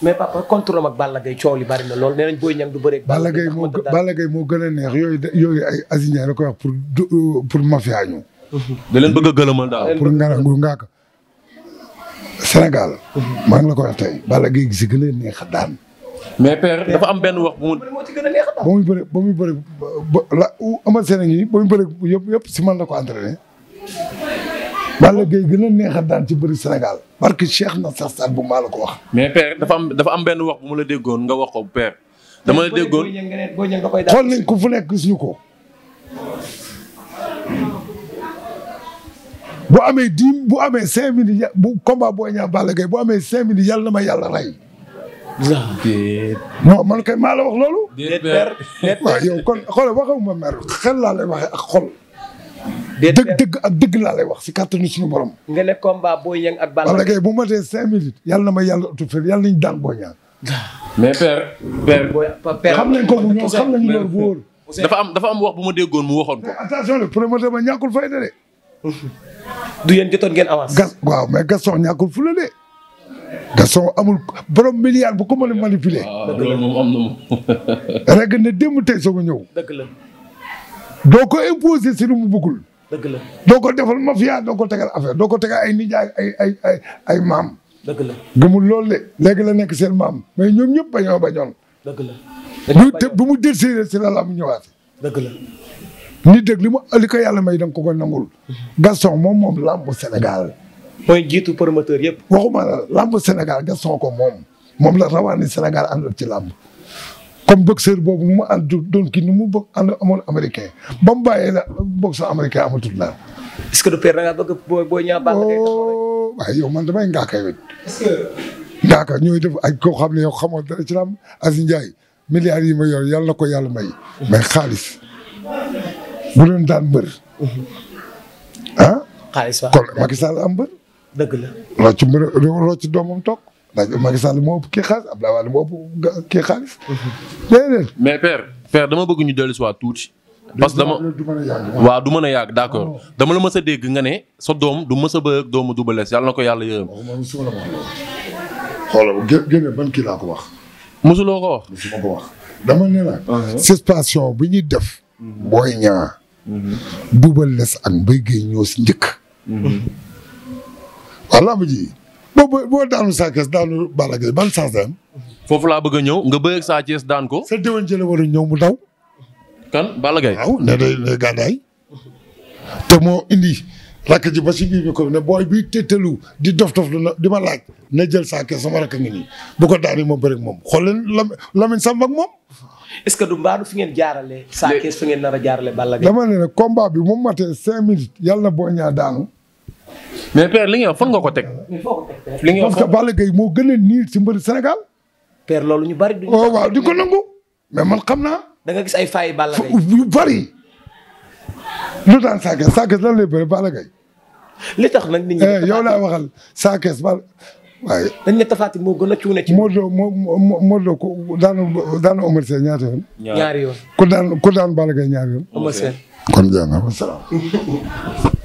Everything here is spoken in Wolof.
mais papa contre ak Balla Gaye coow li na lool nee nañ Boy Niang du bëreeg. moo Balla moo gën a neex yooyu yooyu ay Aziz Ndiaye da koy wax pour pour mafia ñu. da leen bëgg a gëlëmal daal. pour nga ngaaka Sénégal. maa ngi la ko wax tey Balla Gaye si gën a neex daan. mais père dafa am benn wax bu mu. ba muy ba muy bëri la Amady Sénégal yi ba muy bëri yëpp yëpp si man la ko entraîné. Balla Gaye gën a neex a daan ci bëri Sénégal barke Cheikh na sax saat bu maa la ko wax. mais père dafa am dafa am benn wax bu ma la déggoon nga wax ko bu per dama la déggoon xool nañ ko fu nekk gis ñu ko. bu amee dix bu amee cinq minutes bu combat boo ñaa bu amee cinq minutes yàlla na ma yàlla rey. déet. non man kay maa wax loolu. déet père déet yow kon xoolal waxuma mer xel laa lay waxee ak xol. dëgg dëgg ak dëgg laa lay wax si kàttanu borom. nga ne combat Boy Niang ak Balla Gaye bu matee cinq minutes. yàlla na ma yàlla utu fële yàlla nañu daan Boy mais père. père xam nañ ko ñoom xam nañ loolu bu wóor. dafa am dafa am wax bu ma déggoon mu waxoon ko. attention le promoteur ba ñàkkul fayda de. du yéen jotoon ngeen avance. gas waaw mais Gaston ñàkkul fula de. Gaston amul borom milliard bu ko mën a manipuler. waaw ah, loolu moom am na moom. rek ne démb tey soog a ñëw. la. doo ko imposer si lu mu bëggul. dëgg la doo ko defal mafia doo ko tegal affaire doo ko tegal ay nijaay ay ay ay ay maam. dëgg la gëmul loolu ne léegi la nekk seen maam mais ñoom ñëpp bañoo bañoon. dëgg la bu te bu mu déllusé si la la mu ñëwaat. dëgg la. nit li mu li ko yàlla may da nga ko ko nangul. Gaston moom moom làmbu Sénégal. mooy jiitu promoteur yëpp. waxuma ma làmbu Sénégal Gaston ko moom moom la rawaani Sénégal àndal ci làmb. comme boxeur boobu mu ànd doon kii nu mu bokk ànd amoon la boxeur américain amatul daal. est-ce boo boo ñëwaat baax waaye yow man damay ngaaka yow it. est-ce que. ngaaka ñooy def ay koo xam ne yow xamoo dara ci laam Aziz yi ma yor na ko yàlla may. mais xaalis bu daan mbër. ah. xaalis waaw kon Macky Sall am mbër. dëgg laaj ko Macky moo ëpp kii xaalis Abdoulaye Wade mhm. mais père père dama bëgg ñu dellu si tuuti. parce que dama waaw du mën a yàgg d' accord ah, dama la mës a dégg nga ne sa doom du mës a bëgg ak doomu Double Less yàlla na ko yàlla yërëm. waaw man mosuma xoolal génne ban kii laa ko wax. mosuloo ko wax. mosuma ko wax. dama ne ah, bi ñuy def. Mhm. booy ñaa. Mhm. Double Less ak Mbaye Guèye ñoo si njëkk. waa lamb ji. boo boo daanu Sa Thiès daanu Balla Gaye ban chance foofu laa bëgg a ñëw nga bëgg Sa Thiès daan ko. sa déwén jële wala ñëw mu daw. kan Balla Gaye. waaw ne day ne gàddaay te moo indi rakk ji ba si biir bi ko ne booy bii tëttalu di dof dof lu di ma laaj na jël Sa Thiès sama rakk ngi nii bu ko daanee moom bëri moom xool leen Lamine Samba ak moom. est-ce que du mbaadu fi ngeen jaarale. Sa Thiès ngeen nar a jaarale Balla Gaye. dama ne nag combat bi mu matee cinq na boo ñaa daanu. mais père li nga fan nga ko teg. li nga parce que moo gën a niil ci mbëri Sénégal. père loolu ñu bari du oh, waaw man xam naa. da gis ay faay Balla Gaye yu bari. lu daan saa kees saa kees lan lay bëri Balla Gaye. li tax nag nit ñi eh, yow laa waxal saa kees dañ ne tafaati moo gën a cuune ci. moo doon moo moo moo doon ku daan daan Omar ñaar yoon. ku daan ku daan Balla yoon.